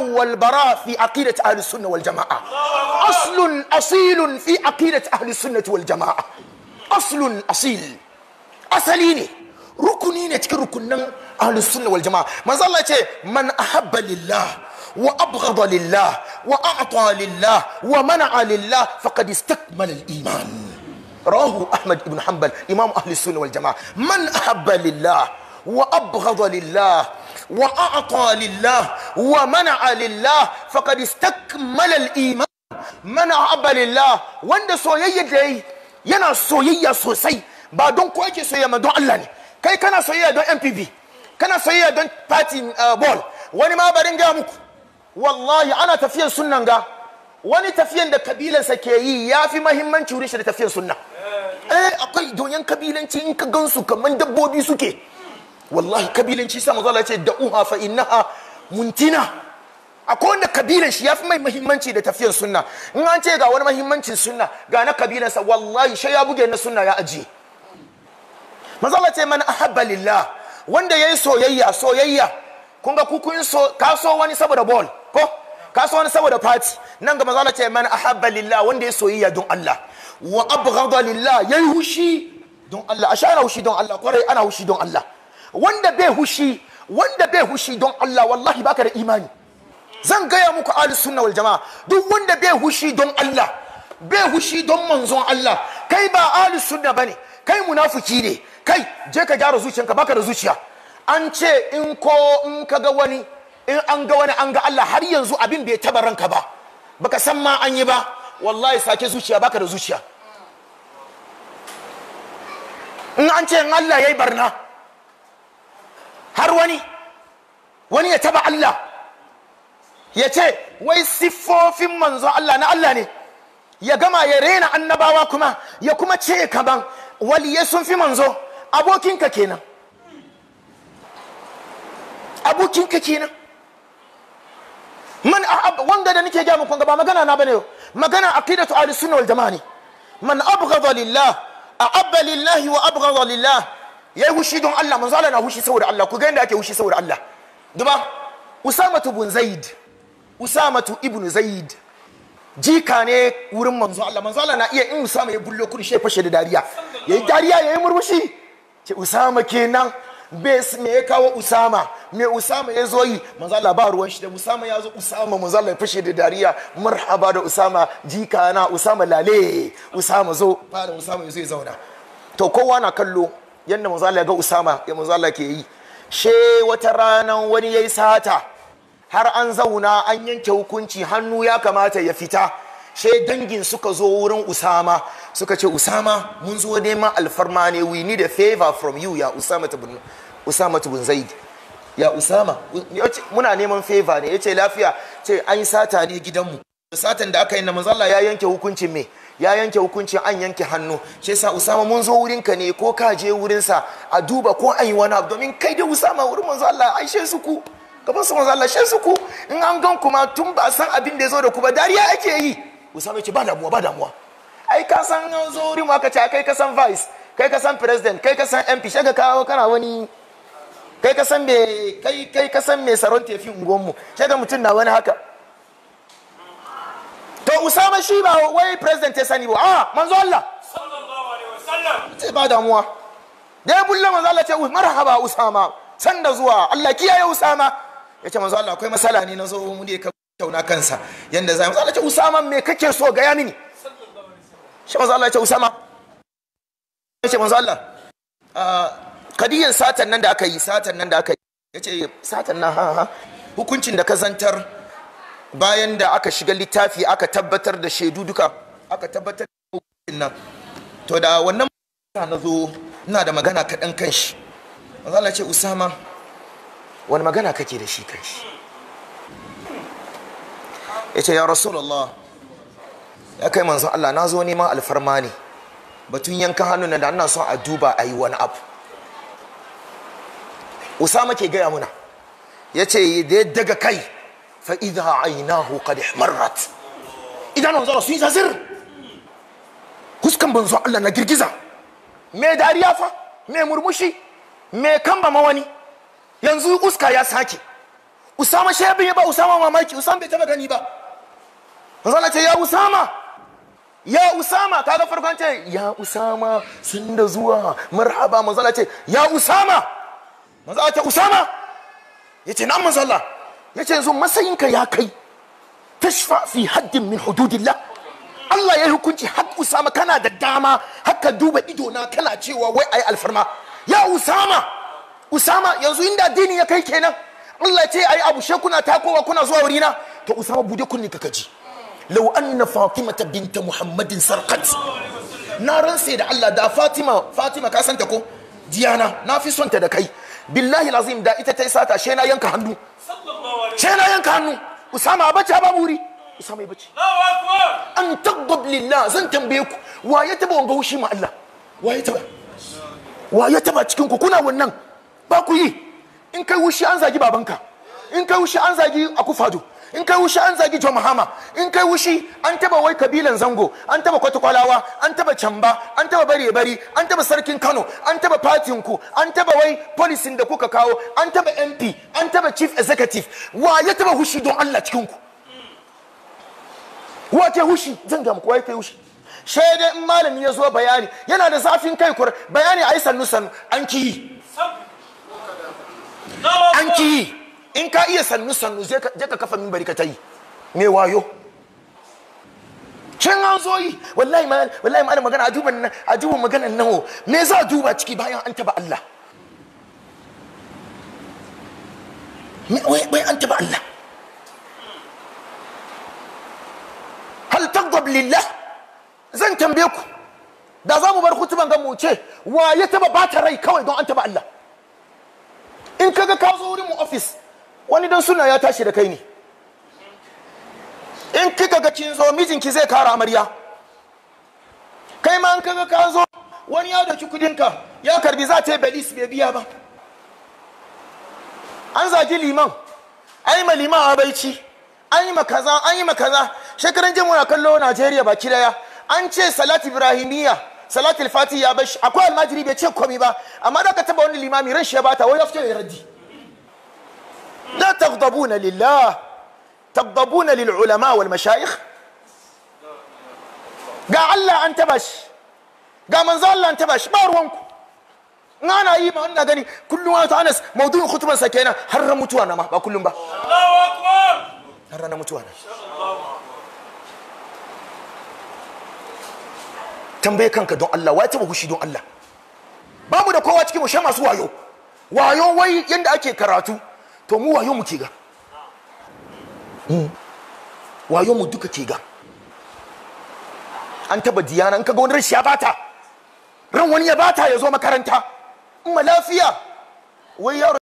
والبراء في عقيدة أهل السنة والجماعة أصل أصيل في عقيدة أهل السنة والجماعة أصل أصيل أصليني ركنين تكركن أهل السنة والجماعة ما زال من أحب لله وأبغض لله وأعطى لله ومنع لله فقد استكمل الإيمان راه أحمد بن حنبل إمام أهل السنة والجماعة من أحب لله وأبغض لله وأعطى لله ومنع لله فقد استكمل الإيمان منع أبا لله وند سويا دي ينا سويا سوسي بعدون كويكي سويا ما دون الله كي كان سويا دون ام بي بي كان سويا دون باتي بول wani ma barin ga muku wallahi ana tafiyar sunnan ga wani tafiyar da kabilansa ke yi yafi mahimmanci wurin shi da tafiyan sunna eh akwai doyan kabilanci in ka gansu kamar dabbobi suke wallahi kabilanci sa manzo Allah ya ce da'uha fa innaha muntina akwai wanda kabilan shi ya fi mai muhimmanci da tafiyar sunna in an ce ga wani muhimmancin sunna ga na kabilansa wallahi shai ya buge na sunna ya aji. manzo ce man ahabba wanda ya yi soyayya soyayya kun ga ku kun so ka so wani saboda ball ko ka so wani saboda party nan ga manzo ce man ahabba lillah wanda yayi soyayya don Allah wa abghada ya yi hushi don Allah ashe ana hushi don Allah kwarai ana hushi don Allah wanda bai hushi wanda bai hushi don Allah wallahi baka da imani zan gaya muku Ali sunna wal jamaa duk wanda bai hushi don Allah bai hushi don manzon Allah kai ba ahli sunna bane kai munafiki ne kai je ka gyara zuciyanka baka da zuciya an ce in ko in ka ga wani in an ga wani an ga Allah har yanzu abin bai taba ranka ba baka san ma an yi ba wallahi sake zuciya baka da zuciya in an ce in Allah yayi barna har wani wani ya taba Allah ya ce wai siffofin manzo Allah na Allah ne ya gama ya rena annabawa kuma ya kuma ce kaban wali waliye sun fi manzo abokinka kenan abokinka kenan man ahab wanda da nake gaya muku ba magana na bane magana aqidatu ahlus sunna wal jamaa ne man abghadha lillah a'abba lillahi wa abghadha lillah yi hushi don Allah manzo Allah na hushi saboda Allah ku ga yanda ake hushi saboda Allah duba Usamatu ibn Zaid Usamatu ibn Zaid jika ne wurin manzo Allah manzo Allah na iya in Usama ya bullo kun shi fashe da dariya yayi dariya yayi murmushi ce Usama kenan base me ya kawo Usama me Usama ya zo yi manzo Allah ba ruwan shi da Usama ya zo Usama manzo Allah ya fashe da dariya marhaba da Usama jika na Usama lale Usama zo fara Usama ya zo ya zauna to kowa na kallo yadda manzo Allah ya ga Usama ya manzo Allah ke yi she wata rana wani yayi sata har an zauna an yanke hukunci hannu ya kamata ya fita she dangin suka zo wurin Usama suka ce Usama mun zo neman alfarma ne we need a favor from you ya Usama tabun Usama tabun Zaid ya Usama muna neman favor ne yace lafiya ce an yi sata ne gidanmu satan da aka yi na manzo ya yanke hukuncin me ya yanke hukuncin an yanke hannu shi yasa usama mun zo wurin ka ne ko ka je wurinsa a duba ko an yi wani abu domin kai da usama wurin manzo Allah ai she su ku gaban su manzo Allah she su ku in an gan kuma tun ba san abin da ya zo da ku ba dariya ake yi usama ce ba damuwa ba damuwa ai ka san an zo wurin ka ce kai ka san vice kai ka san president kai ka san mp shaga kawo kana wani kai ka san me kai kai ka san me saron tefi ungonmu shaga mutun na wani haka to usama shi ba wai president ya sani ba a ah, manzo Allah ce ba damuwa da ya bulla manzo Allah ce marhaba usama sanda zuwa Allah kiyaye usama ya ce manzo Allah akwai masala ne na zo mu ne ka tauna kansa yanda zai manzo Allah ce usama me kake so ga ya mini shi manzo Allah ya ce usama ya ce manzo Allah ah, kadiyan satan nan da aka yi satan nan da aka yi ya ce satan nan ha ha hukuncin da ka zantar bayan da aka shiga littafi aka tabbatar da shaidu duka aka tabbatar da hukuncin nan to da wannan na zo ina da magana kaɗan kan shi Allah ce usama wani magana kake da shi kan shi ya ce ya rasulullah ya kai manzon Allah na zo neman alfarma ne batun yankan hannu na da ana son a duba a yi wani abu usama ke gaya muna ya ce daga kai fa aina aynahu qad ihmarrat idan wanzo sun zazir huskan banzo Allah na girgiza me dariya fa me murmushi me kamba wani? yanzu uska ya sake usama shebin ya ba usama mamaki usama bai taba gani ba manzo ce ya usama ya usama kaga farkon ya usama zuwa marhaba manzo ya usama manzo usama yace na manzo Allah yace yanzu matsayinka ya kai tashfa fi haddin min hududillah Allah ya yi hukunci har Usama kana da dama haka duba ido na kana cewa wai ayi alfarma ya Usama Usama yanzu inda dini ya kai kenan Allah ya ce ayi abu she kuna takowa kuna zuwa na to Usama bude kunni ka kaji law anna fatimata binta muhammadin sarqat na sai da Allah da Fatima Fatima ka santa ko diyana na fi son ta da kai billahi lazim da ita ta yi sata she yanka hannu she yanka hannu usama bace babu wuri usama ya bace an taqab lillah zan tambaye ku wa ya taba wanga wushi ma Allah wa ya taba wa ya taba cikin ku kuna wannan ba ku yi in kai wushi an zagi babanka in kai wushi an zagi akufado in kai wushi an zagi John Mahama in kai wushi an taba wai kabilan zango an taba kwatakwalawa an taba camba an taba bare bari an taba sarkin Kano an taba fatin ku an taba wai policy da kuka kawo an taba MP an taba chief executive wa ya taba hushi don Allah cikin ku wa ke hushi zan ga muku wai kai hushi shaidai in malami ya zo bayani yana da zafin kai kur bayani yi sannu sannu an ki yi an ki yi in ka iya sannu sannu je ka kafa mimbari ka ta yi me wayo can an zo yi wallahi ma wallahi ma ana magana a duba maganan nawo me za a duba ciki bayan an taba Allah wai an taba Allah hal taqab lillah zan tambaye ku da za mu bar kutuban ga mu ce wa ya taba bata rai kawai don an taba Allah in kaga ka zo wurin mu office wani don suna ya tashi da kai ne in kika ga kin zo mijinki zai kara amarya kai ma an kaga ka zo wani ya doki kudinka ya karbi za ta yi belis bai biya ba an zagi liman an yi ma liman baici an yi ma an yi ma kaza shekaran jin muna kallo najeriya baki daya an ce salat Ibrahimiyya, salat alfati ya bashi akwai almajiri bai ce komi ba amma da ka taba wani limami ran shi ya bata wai ya fito ya raddi لا تغضبون لله تغضبون للعلماء والمشايخ ga Allah an taba shi ga manzo Allah an taba shi ba ruwanku in ana yi ma wannan gani kullum ta Anas maudu'in khutban sa kenan har ran mutuwa na ma ba kullum ba Allahu akbar har ran mutuwa na tambaye kanka don Allah wai taba hushi don Allah babu da kowa cikin mu sha masu wayo wayo wai yanda ake karatu to mu wayo mu ke ga wayo mu duka ke ga an taba diyana in kaga wani rashi ya bata ran wani ya bata ya zo makaranta in ma lafiya wai yaro